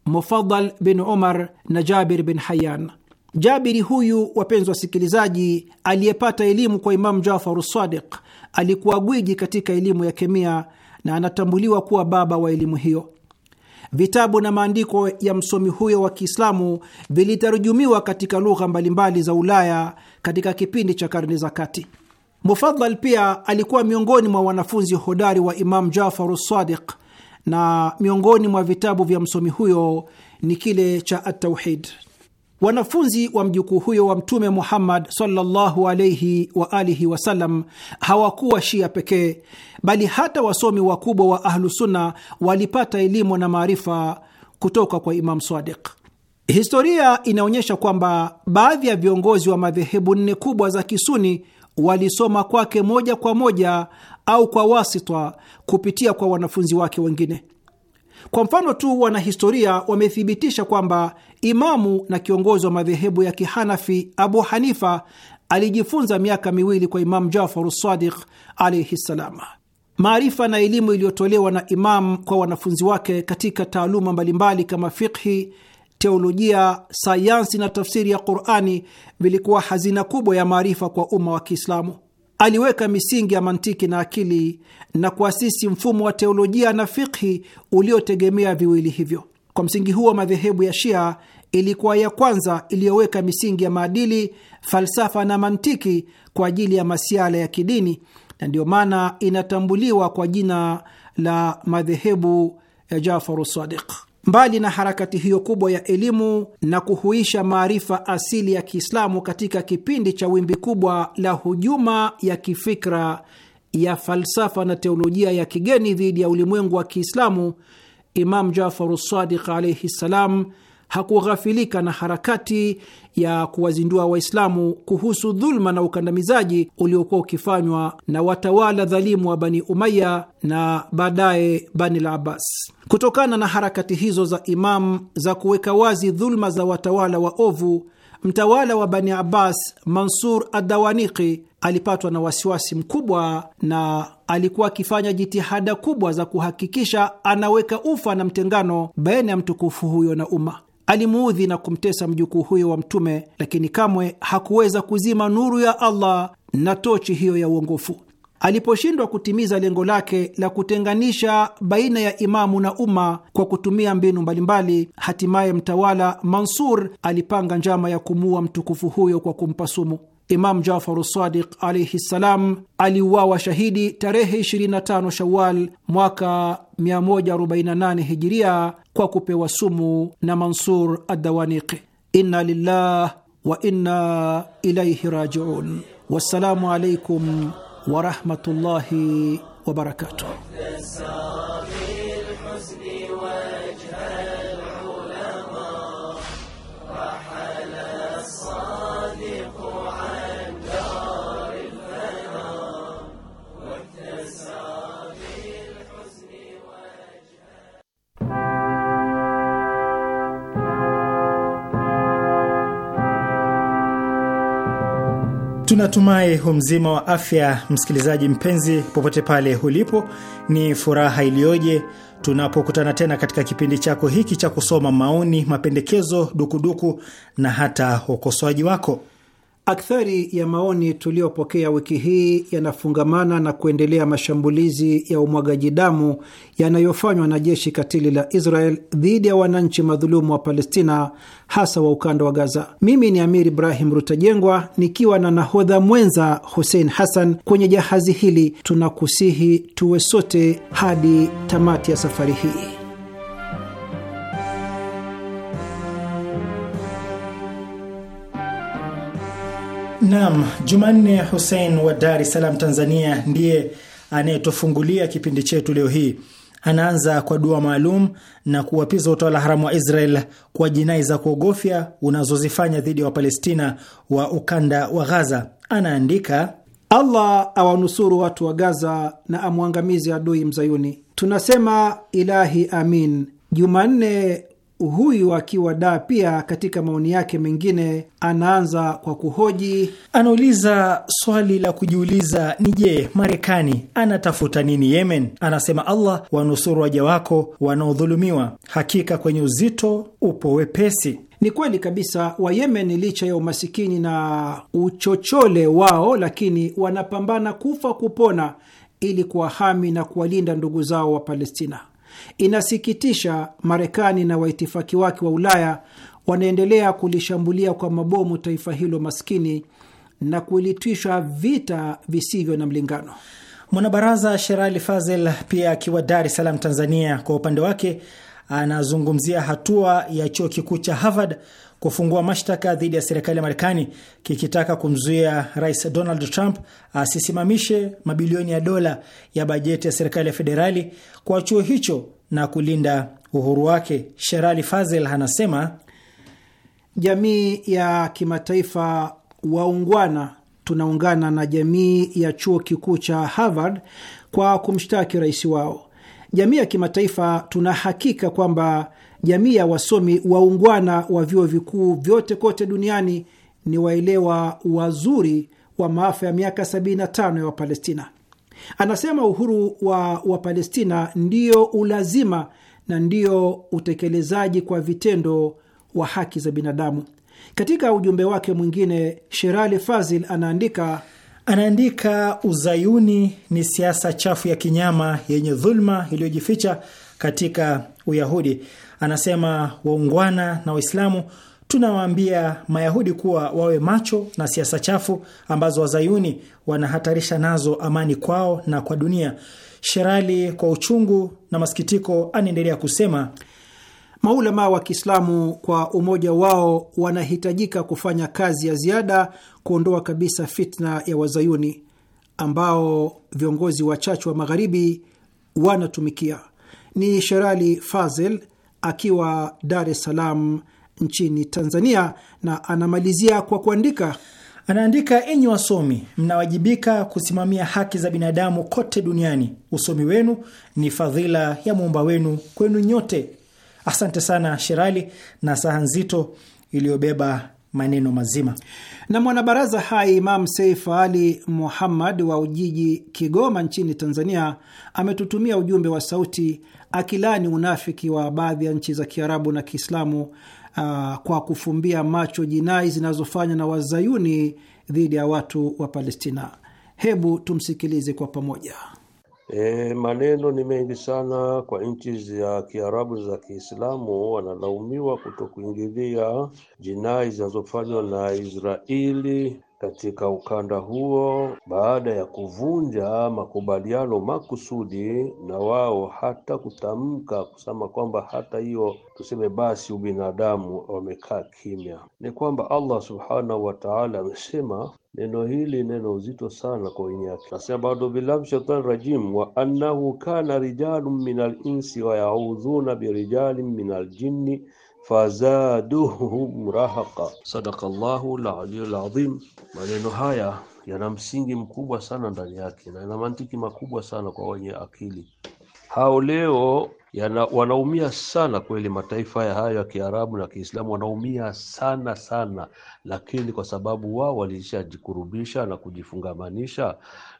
Mufadal bin Umar na Jabir bin Hayyan. Jabiri huyu, wapenzi wasikilizaji, aliyepata elimu kwa Imamu Jafaru Sadiq alikuwa gwiji katika elimu ya kemia na anatambuliwa kuwa baba wa elimu hiyo. Vitabu na maandiko ya msomi huyo wa Kiislamu vilitarujumiwa katika lugha mbalimbali za Ulaya katika kipindi cha karne za kati. Mufadhal pia alikuwa miongoni mwa wanafunzi hodari wa Imam Jafaru Sadiq, na miongoni mwa vitabu vya msomi huyo ni kile cha Atauhid. Wanafunzi wa mjukuu huyo wa Mtume Muhammad sallallahu alaihi wa alihi wasallam hawakuwa Shia pekee, bali hata wasomi wakubwa wa Ahlusunna walipata elimu na maarifa kutoka kwa imam Sadiq. Historia inaonyesha kwamba baadhi ya viongozi wa madhehebu nne kubwa za Kisuni walisoma kwake moja kwa moja au kwa wasita kupitia kwa wanafunzi wake wengine. Kwa mfano tu, wanahistoria wamethibitisha kwamba imamu na kiongozi wa madhehebu ya kihanafi Abu Hanifa alijifunza miaka miwili kwa Imamu jafar Sadiq alaihi ssalam. Maarifa na elimu iliyotolewa na imamu kwa wanafunzi wake katika taaluma mbalimbali kama fikhi, teolojia, sayansi na tafsiri ya Qurani vilikuwa hazina kubwa ya maarifa kwa umma wa Kiislamu aliweka misingi ya mantiki na akili na kuasisi mfumo wa teolojia na fikhi uliotegemea viwili hivyo. Kwa msingi huo, madhehebu ya Shia ilikuwa ya kwanza iliyoweka misingi ya maadili, falsafa na mantiki kwa ajili ya masiala ya kidini, na ndiyo maana inatambuliwa kwa jina la madhehebu ya Jafaru Sadiq. Mbali na harakati hiyo kubwa ya elimu na kuhuisha maarifa asili ya Kiislamu katika kipindi cha wimbi kubwa la hujuma ya kifikra ya falsafa na teolojia ya kigeni dhidi ya ulimwengu wa Kiislamu, Imam Jafaru Sadiq alaihi ssalam hakughafilika na harakati ya kuwazindua Waislamu kuhusu dhuluma na ukandamizaji uliokuwa ukifanywa na watawala dhalimu wa Bani Umaya na baadaye Bani la Abbas. Kutokana na harakati hizo za Imamu za kuweka wazi dhuluma za watawala wa ovu mtawala wa Bani Abbas Mansur Adawaniki alipatwa na wasiwasi mkubwa na alikuwa akifanya jitihada kubwa za kuhakikisha anaweka ufa na mtengano baina ya mtukufu huyo na umma alimuudhi na kumtesa mjukuu huyo wa Mtume, lakini kamwe hakuweza kuzima nuru ya Allah na tochi hiyo ya uongofu. Aliposhindwa kutimiza lengo lake la kutenganisha baina ya imamu na umma kwa kutumia mbinu mbalimbali, hatimaye mtawala Mansur alipanga njama ya kumuua mtukufu huyo kwa kumpa sumu. Imamu Jafaru Sadiq alaihi ssalam aliuawa shahidi tarehe 25 Shawal mwaka 148 hijiria kwa kupewa sumu na Mansur Adawaniki. Inna lillah wa inna ilaihi rajiun. Wassalamu alaikum warahmatullahi wabarakatuh. Tunatumai humzima wa afya, msikilizaji mpenzi, popote pale ulipo. Ni furaha iliyoje tunapokutana tena katika kipindi chako hiki cha kusoma maoni, mapendekezo, dukuduku na hata ukosoaji wako. Akthari ya maoni tuliyopokea wiki hii yanafungamana na kuendelea mashambulizi ya umwagaji damu yanayofanywa na jeshi katili la Israel dhidi ya wananchi madhulumu wa Palestina, hasa wa ukanda wa Gaza. Mimi ni Amir Ibrahim Rutajengwa nikiwa na nahodha mwenza Hussein Hassan kwenye jahazi hili, tunakusihi tuwe sote hadi tamati ya safari hii. Naam, Jumanne Hussein wa Dar es Salaam, Tanzania, ndiye anayetufungulia kipindi chetu leo hii. Anaanza kwa dua maalum na kuwapiza utawala haramu wa Israel kwa jinai za kuogofya unazozifanya dhidi ya wa Wapalestina wa ukanda wa Ghaza. Anaandika, Allah awanusuru watu wa Gaza na amwangamize adui mzayuni. Tunasema ilahi amin. Jumanne Huyu akiwa daa pia katika maoni yake mengine, anaanza kwa kuhoji, anauliza swali la kujiuliza ni je, Marekani anatafuta nini Yemen? Anasema, Allah wanusuru waja wako wanaodhulumiwa, hakika kwenye uzito upo wepesi. Ni kweli kabisa, Wayemen licha ya umasikini na uchochole wao, lakini wanapambana kufa kupona ili kuwahami na kuwalinda ndugu zao wa Palestina. Inasikitisha, Marekani na waitifaki wake wa Ulaya wanaendelea kulishambulia kwa mabomu taifa hilo maskini na kulitwishwa vita visivyo na mlingano. Mwanabaraza Sherali Fazel pia akiwa Dar es Salaam, Tanzania, kwa upande wake anazungumzia hatua ya chuo kikuu cha Harvard kufungua mashtaka dhidi ya serikali ya Marekani kikitaka kumzuia Rais Donald Trump asisimamishe mabilioni ya dola ya bajeti ya serikali ya federali kwa chuo hicho na kulinda uhuru wake. Sherali Fazel anasema jamii ya kimataifa waungwana tunaungana na jamii ya chuo kikuu cha Harvard kwa kumshtaki rais wao. Jamii ya kimataifa tuna hakika kwamba jamii ya wasomi waungwana wa vyuo vikuu vyote kote duniani ni waelewa wazuri wa maafa ya miaka 75 ya Wapalestina. Anasema uhuru wa Wapalestina ndio ulazima na ndio utekelezaji kwa vitendo wa haki za binadamu. Katika ujumbe wake mwingine, Sherali Fazil anaandika anaandika uzayuni ni siasa chafu ya kinyama yenye dhuluma iliyojificha katika Uyahudi. Anasema waungwana na Waislamu tunawaambia Mayahudi kuwa wawe macho na siasa chafu ambazo Wazayuni wanahatarisha nazo amani kwao na kwa dunia. Sherali kwa uchungu na masikitiko anaendelea kusema maulamaa wa Kiislamu kwa umoja wao wanahitajika kufanya kazi ya ziada kuondoa kabisa fitna ya Wazayuni ambao viongozi wachache wa Magharibi wanatumikia. Ni Sherali Fazel akiwa Dar es Salaam nchini Tanzania, na anamalizia kwa kuandika Anaandika, enyi wasomi, mnawajibika kusimamia haki za binadamu kote duniani. Usomi wenu ni fadhila ya muumba wenu kwenu nyote. Asante sana Sherali, na saha nzito iliyobeba maneno mazima. Na mwanabaraza hai Imam Seif Ali Muhammad wa Ujiji, Kigoma nchini Tanzania, ametutumia ujumbe wa sauti akilani unafiki wa baadhi ya nchi za Kiarabu na Kiislamu uh, kwa kufumbia macho jinai zinazofanywa na wazayuni dhidi ya watu wa Palestina. Hebu tumsikilize kwa pamoja. E, maneno ni mengi sana kwa nchi za Kiarabu za Kiislamu. Wanalaumiwa kuto kuingilia jinai zinazofanywa na Israeli katika ukanda huo baada ya kuvunja makubaliano makusudi na wao hata kutamka kusema kwamba hata hiyo tuseme basi ubinadamu, wamekaa kimya. Ni kwamba Allah subhanahu wa ta'ala amesema neno hili, neno uzito sana kwa wenye yake, nasema bado billahi shaitani rajim, wa annahu kana rijalun minal insi wa yaudhuna birijalin minal jinni fazaduhum rahaqa. Sadaqa Allahu al-aliyyul Maneno haya yana msingi mkubwa sana ndani yake na yana mantiki makubwa sana kwa wenye akili. Hao leo yana, wanaumia sana kweli. Mataifa ya hayo ya Kiarabu na Kiislamu wanaumia sana sana, lakini kwa sababu wao walishajikurubisha na kujifungamanisha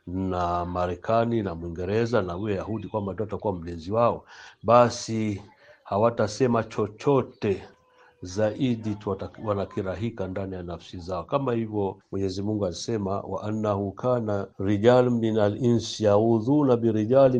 na Marekani na Mwingereza na huyo Yahudi kwamba ndio atakuwa mlezi wao, basi hawatasema chochote zaidi wanakirahika ndani ya nafsi zao, kama hivyo Mwenyezi Mungu alisema, wa annahu kana rijalun min alinsi yaudhuna birijali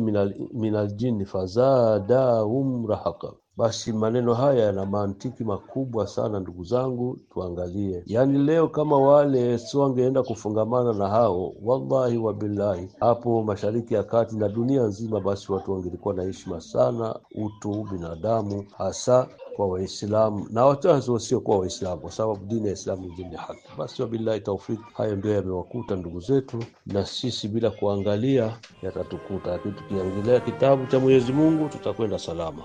min al fazadahum rahaqa, basi maneno haya yana mantiki makubwa sana ndugu zangu, tuangalie. Yaani leo kama wale sio wangeenda kufungamana na hao, wallahi wa billahi, hapo Mashariki ya Kati na dunia nzima, basi watu wangelikuwa na heshima sana, utu binadamu, hasa kwa Waislamu na wachache wasiokuwa Waislamu, kwa sababu dini ya Islamu ni dini ya haki. Basi wabillahi taufiki, hayo ndio yamewakuta ndugu zetu, na sisi bila kuangalia yatatukuta, lakini tukiangalia kitabu cha Mwenyezi Mungu tutakwenda salama.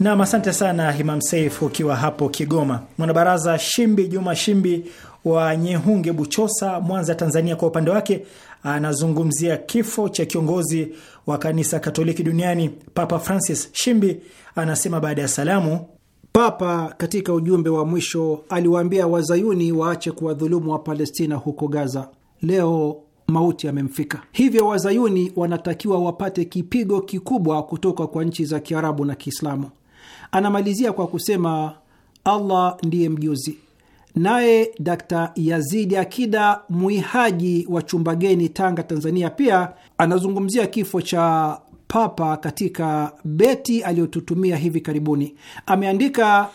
Nam, asante sana Imam Seif ukiwa hapo Kigoma. Mwanabaraza Shimbi Juma Shimbi wa Nyehunge, Buchosa, Mwanza, Tanzania, kwa upande wake anazungumzia kifo cha kiongozi wa kanisa Katoliki duniani Papa Francis. Shimbi anasema baada ya salamu, Papa katika ujumbe wa mwisho aliwaambia wazayuni waache kuwadhulumu wa Palestina huko Gaza. Leo mauti yamemfika, hivyo wazayuni wanatakiwa wapate kipigo kikubwa kutoka kwa nchi za Kiarabu na Kiislamu. Anamalizia kwa kusema Allah ndiye mjuzi. Naye Dr. Yazidi Akida Mwihaji wa Chumbageni, Tanga, Tanzania, pia anazungumzia kifo cha Papa katika beti aliyotutumia hivi karibuni. Ameandika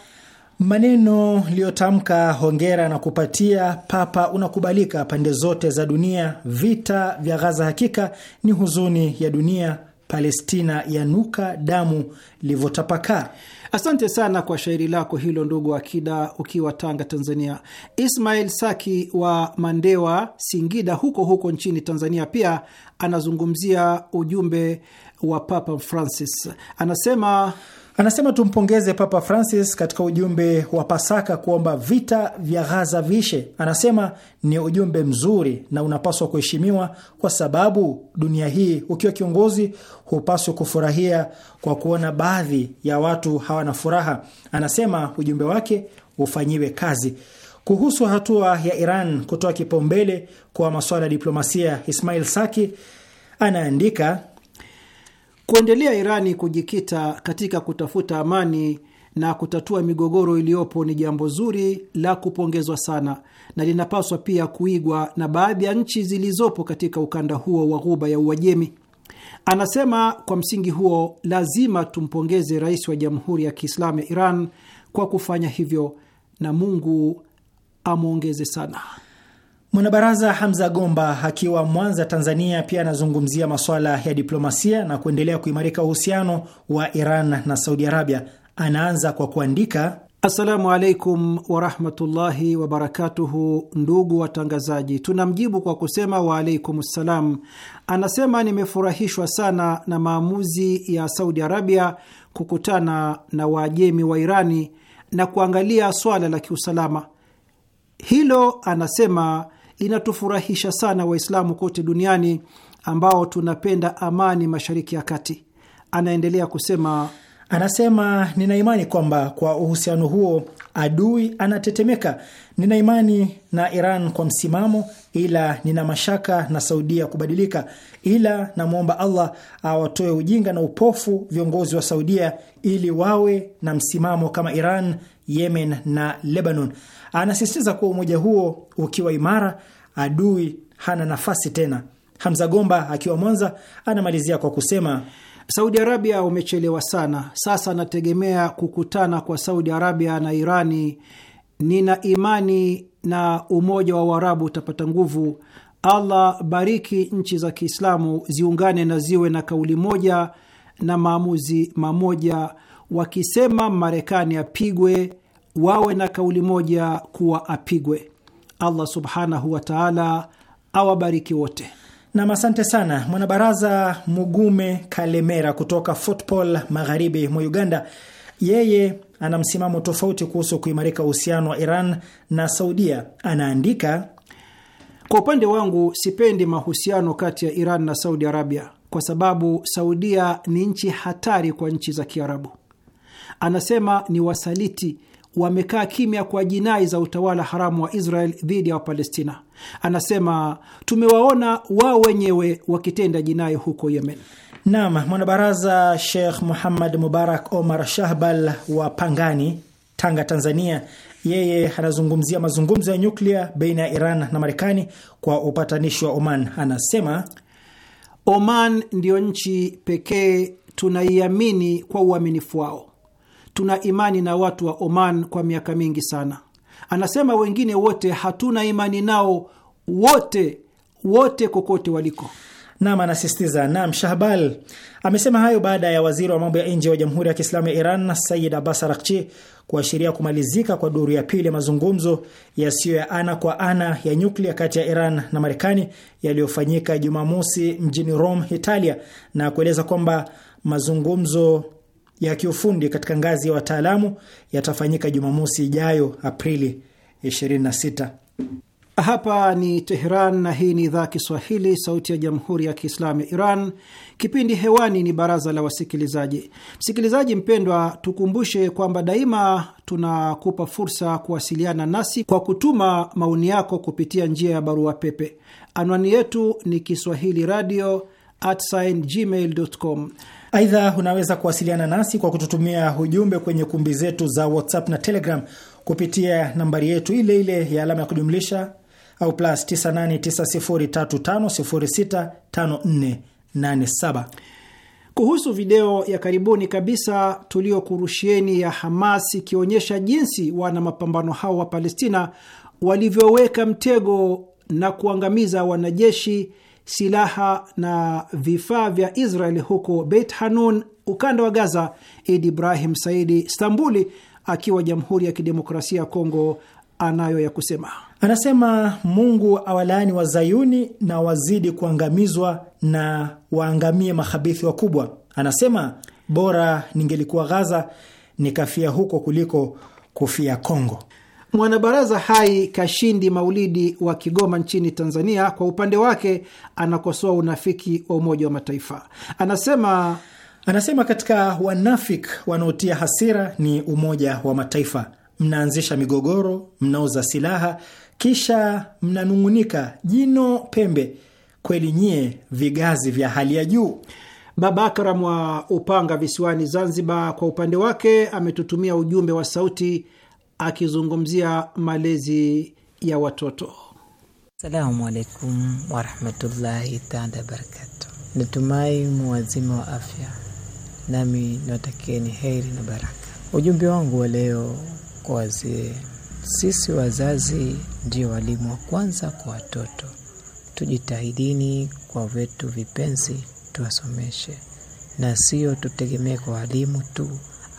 maneno liyotamka hongera na kupatia Papa unakubalika pande zote za dunia. Vita vya Gaza hakika ni huzuni ya dunia, Palestina yanuka damu livyotapakaa. Asante sana kwa shairi lako hilo, ndugu Akida, ukiwa Tanga, Tanzania. Ismail Saki wa Mandewa, Singida, huko huko nchini Tanzania, pia anazungumzia ujumbe wa Papa Francis. Anasema Anasema tumpongeze Papa Francis katika ujumbe wa Pasaka kuomba vita vya Ghaza vishe. Anasema ni ujumbe mzuri na unapaswa kuheshimiwa, kwa sababu dunia hii, ukiwa kiongozi, hupaswi kufurahia kwa kuona baadhi ya watu hawana furaha. Anasema ujumbe wake ufanyiwe kazi. Kuhusu hatua ya Iran kutoa kipaumbele kwa masuala ya diplomasia, Ismail Saki anaandika Kuendelea Irani kujikita katika kutafuta amani na kutatua migogoro iliyopo ni jambo zuri la kupongezwa sana na linapaswa pia kuigwa na baadhi ya nchi zilizopo katika ukanda huo wa Ghuba ya Uajemi. Anasema kwa msingi huo lazima tumpongeze rais wa Jamhuri ya Kiislamu ya Iran kwa kufanya hivyo na Mungu amwongeze sana. Mwanabaraza Hamza Gomba akiwa Mwanza, Tanzania, pia anazungumzia masuala ya diplomasia na kuendelea kuimarika uhusiano wa Iran na Saudi Arabia. Anaanza kwa kuandika, assalamu alaikum warahmatullahi wabarakatuhu. Ndugu watangazaji, tunamjibu kwa kusema waalaikum ssalam. Anasema nimefurahishwa sana na maamuzi ya Saudi Arabia kukutana na Waajemi wa Irani na kuangalia swala la kiusalama hilo. Anasema inatufurahisha sana Waislamu kote duniani ambao tunapenda amani Mashariki ya Kati. Anaendelea kusema Anasema nina imani kwamba kwa uhusiano huo adui anatetemeka. Nina imani na Iran kwa msimamo, ila nina mashaka na Saudia kubadilika, ila namwomba Allah awatoe ujinga na upofu viongozi wa Saudia ili wawe na msimamo kama Iran, Yemen na Lebanon. Anasisitiza kuwa umoja huo ukiwa imara, adui hana nafasi tena. Hamza Gomba akiwa Mwanza anamalizia kwa kusema Saudi Arabia umechelewa sana. Sasa nategemea kukutana kwa Saudi Arabia na Irani. Nina imani na umoja wa Uarabu utapata nguvu. Allah bariki nchi za Kiislamu ziungane na ziwe na kauli moja na maamuzi mamoja. Wakisema Marekani apigwe, wawe na kauli moja kuwa apigwe. Allah subhanahu wa taala awabariki wote. Nam, asante sana mwanabaraza Mugume Kalemera kutoka Fort magharibi mwa Uganda. Yeye ana msimamo tofauti kuhusu kuimarika uhusiano wa Iran na Saudia. Anaandika, kwa upande wangu sipendi mahusiano kati ya Iran na Saudi Arabia kwa sababu Saudia ni nchi hatari kwa nchi za Kiarabu. Anasema ni wasaliti wamekaa kimya kwa jinai za utawala haramu wa Israel dhidi ya Wapalestina. Anasema tumewaona wao wenyewe wakitenda jinai huko Yemen. Naam, mwanabaraza Sheikh Muhammad Mubarak Omar Shahbal wa Pangani, Tanga, Tanzania, yeye anazungumzia mazungumzo ya nyuklia baina ya Iran na Marekani kwa upatanishi wa Oman. Anasema Oman ndiyo nchi pekee tunaiamini kwa uaminifu wao tuna imani na watu wa Oman kwa miaka mingi sana. Anasema wengine wote hatuna imani nao, wote wote, kokote waliko. Nam anasisitiza. Nam Shahbal amesema hayo baada ya waziri wa mambo ya nje wa Jamhuri ya Kiislamu ya Iran Sayid Abbas Arakchi kuashiria kumalizika kwa duru ya pili ya mazungumzo yasiyo ya ana kwa ana ya nyuklia kati ya Iran na Marekani yaliyofanyika Jumamosi mjini Rome, Italia, na kueleza kwamba mazungumzo ya kiufundi katika ngazi ya wataalamu yatafanyika Jumamosi ijayo Aprili 26. Hapa ni Teheran na hii ni idhaa Kiswahili, sauti ya jamhuri ya kiislamu ya Iran. Kipindi hewani ni baraza la wasikilizaji. Msikilizaji mpendwa, tukumbushe kwamba daima tunakupa fursa kuwasiliana nasi kwa kutuma maoni yako kupitia njia ya barua pepe. Anwani yetu ni kiswahili radio gmail.com. Aidha, unaweza kuwasiliana nasi kwa kututumia ujumbe kwenye kumbi zetu za WhatsApp na Telegram kupitia nambari yetu ile ile ya alama ya kujumlisha au plus 989035065487. Kuhusu video ya karibuni kabisa tuliyokurushieni ya Hamas ikionyesha jinsi wana mapambano hao wa Palestina walivyoweka mtego na kuangamiza wanajeshi silaha na vifaa vya israel huko Beit Hanun, ukanda wa Gaza, Idi Ibrahim Saidi Stambuli akiwa Jamhuri ya Kidemokrasia ya Kongo anayo ya kusema. Anasema Mungu awalaani wazayuni na wazidi kuangamizwa na waangamie makhabithi wakubwa. Anasema bora ningelikuwa Gaza nikafia huko kuliko kufia Kongo. Mwanabaraza hai Kashindi Maulidi wa Kigoma nchini Tanzania, kwa upande wake anakosoa unafiki wa Umoja wa Mataifa. Anasema anasema katika wanafik wanaotia hasira ni Umoja wa Mataifa. Mnaanzisha migogoro, mnauza silaha, kisha mnanung'unika jino pembe. Kweli nyie vigazi vya hali ya juu. Baba Akaram wa Upanga visiwani Zanzibar, kwa upande wake ametutumia ujumbe wa sauti akizungumzia malezi ya watoto. Salamu alaikum warahmatullahi taala wabarakatu. Natumai muwazima wa afya, nami niwatakieni heri na baraka. Ujumbe wangu wa leo kwa wazee, sisi wazazi ndio walimu wa kwanza kwa watoto. Tujitahidini kwa vyetu vipenzi, tuwasomeshe na sio tutegemee kwa walimu tu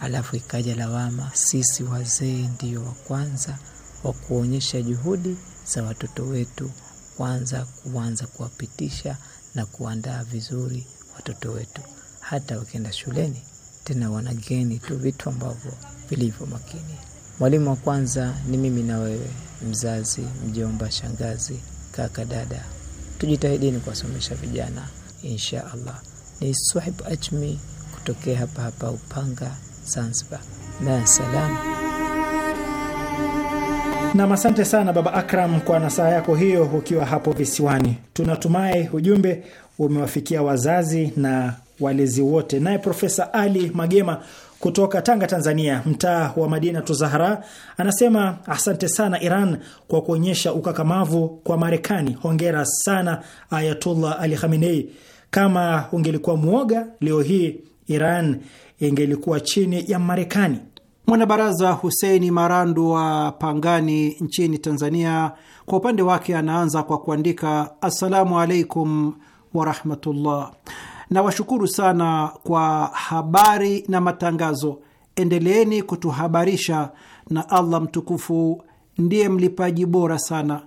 alafu ikaja lawama, sisi wazee ndio wa kwanza wa kuonyesha juhudi za watoto wetu, kwanza kuanza kuwapitisha na kuandaa vizuri watoto wetu, hata wakienda shuleni tena wanageni tu vitu ambavyo vilivyo makini. Mwalimu wa kwanza ni mimi na wewe, mzazi, mjomba, shangazi, kaka, dada. Tujitahidini kuwasomesha vijana, insha Allah. Ni Swahib Ajmi kutokea hapa hapa Upanga. Zanzibar. Na salamu nam. Asante sana Baba Akram kwa nasaha yako hiyo, ukiwa hapo visiwani. Tunatumai ujumbe umewafikia wazazi na walezi wote. Naye Profesa Ali Magema kutoka Tanga, Tanzania, mtaa wa Madina Tuzahara, anasema asante sana Iran kwa kuonyesha ukakamavu kwa Marekani. Hongera sana Ayatullah Ali Khamenei. Kama ungelikuwa mwoga, leo hii Iran ingelikuwa chini ya Marekani. Mwanabaraza Huseini Marandu wa Pangani nchini Tanzania, kwa upande wake anaanza kwa kuandika assalamu alaikum warahmatullah, nawashukuru sana kwa habari na matangazo, endeleeni kutuhabarisha na Allah mtukufu ndiye mlipaji bora sana.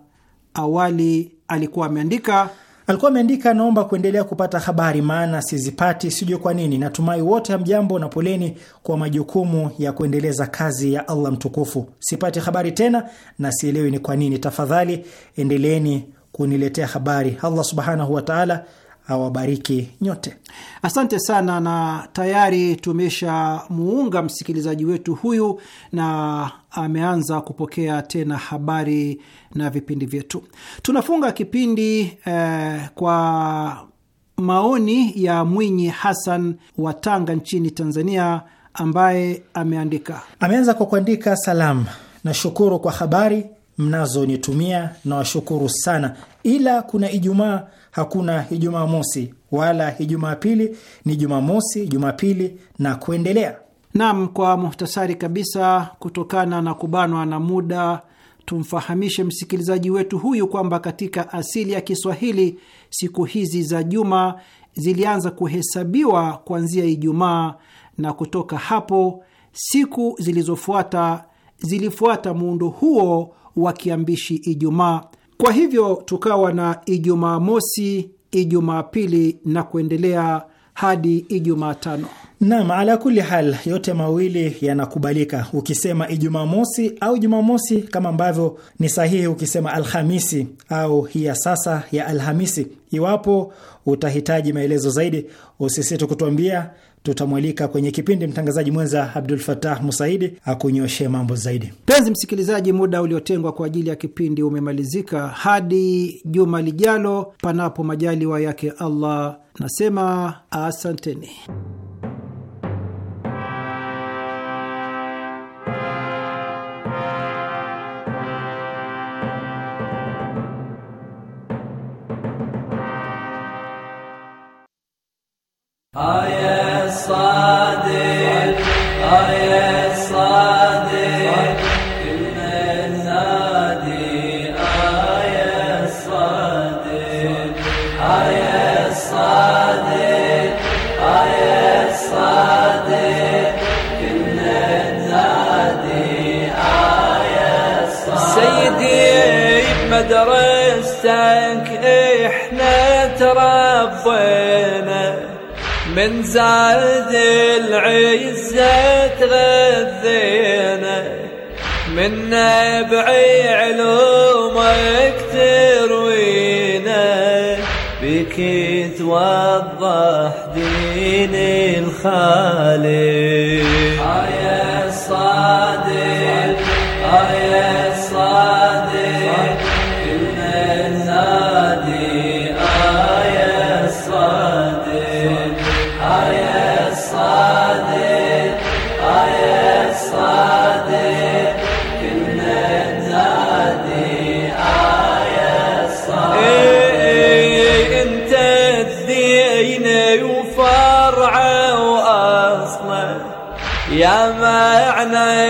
Awali alikuwa ameandika Alikuwa ameandika naomba kuendelea kupata habari, maana sizipati, sijui kwa nini. Natumai wote hamjambo na poleni kwa majukumu ya kuendeleza kazi ya Allah mtukufu. Sipati habari tena na sielewi ni kwa nini. Tafadhali endeleeni kuniletea habari. Allah subhanahu wataala awabariki nyote. Asante sana, na tayari tumeshamuunga msikilizaji wetu huyu na ameanza kupokea tena habari na vipindi vyetu. Tunafunga kipindi eh, kwa maoni ya Mwinyi Hassan wa Tanga nchini Tanzania, ambaye ameandika, ameanza kwa kuandika salam, Nashukuru kwa habari mnazonitumia, nawashukuru sana, ila kuna Ijumaa hakuna Ijumaa mosi wala Ijumaa pili, ni Jumamosi, Jumapili na kuendelea. Naam, kwa muhtasari kabisa, kutokana na kubanwa na muda, tumfahamishe msikilizaji wetu huyu kwamba katika asili ya Kiswahili siku hizi za juma zilianza kuhesabiwa kuanzia Ijumaa, na kutoka hapo siku zilizofuata zilifuata muundo huo wa kiambishi Ijumaa. Kwa hivyo tukawa na Ijumaa mosi, Ijumaa pili na kuendelea hadi Ijumaa tano. Naam, ala kuli hal, yote mawili yanakubalika ukisema Ijumaa mosi au mosi kama ambavyo ni sahihi ukisema Alhamisi au hiya sasa ya Alhamisi. Iwapo utahitaji maelezo zaidi, usisite kutuambia tutamwalika kwenye kipindi mtangazaji mwenza Abdul Fatah Musaidi akunyoshe mambo zaidi. Mpenzi msikilizaji, muda uliotengwa kwa ajili ya kipindi umemalizika. Hadi juma lijalo, panapo majaliwa yake Allah, nasema asanteni. yeah. Slide. من زاد العزة تغذينا من نبع علومك تروينا بك توضح دين الخالق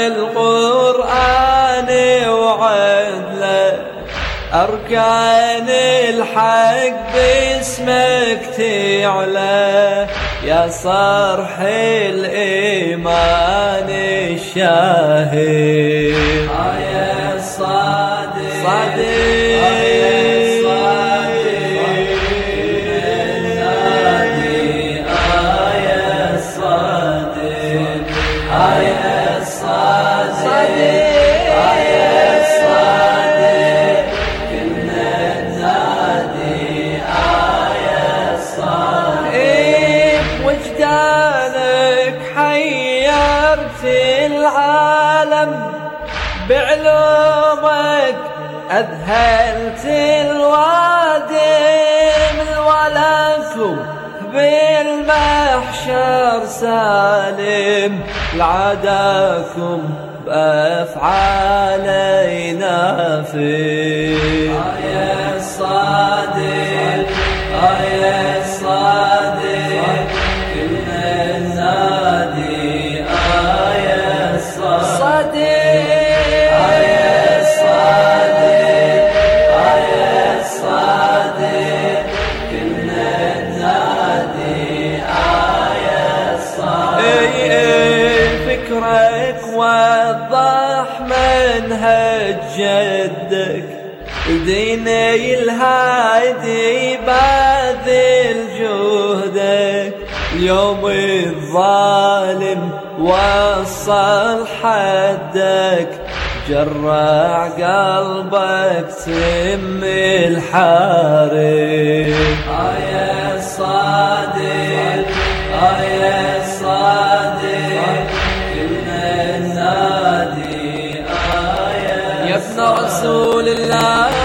القرآن وعدل أركان الحق باسمك تعلى يا صرح الإيمان الشاهد آه يا صادق صادق نعلم العداكم بأفعالينا في آية الصادق آية ديني الهادي باذل جهدك يوم الظالم وصل حدك جرع قلبك سم الحارب آية صادق آية صادق كلنا نادي آية يا ابن رسول الله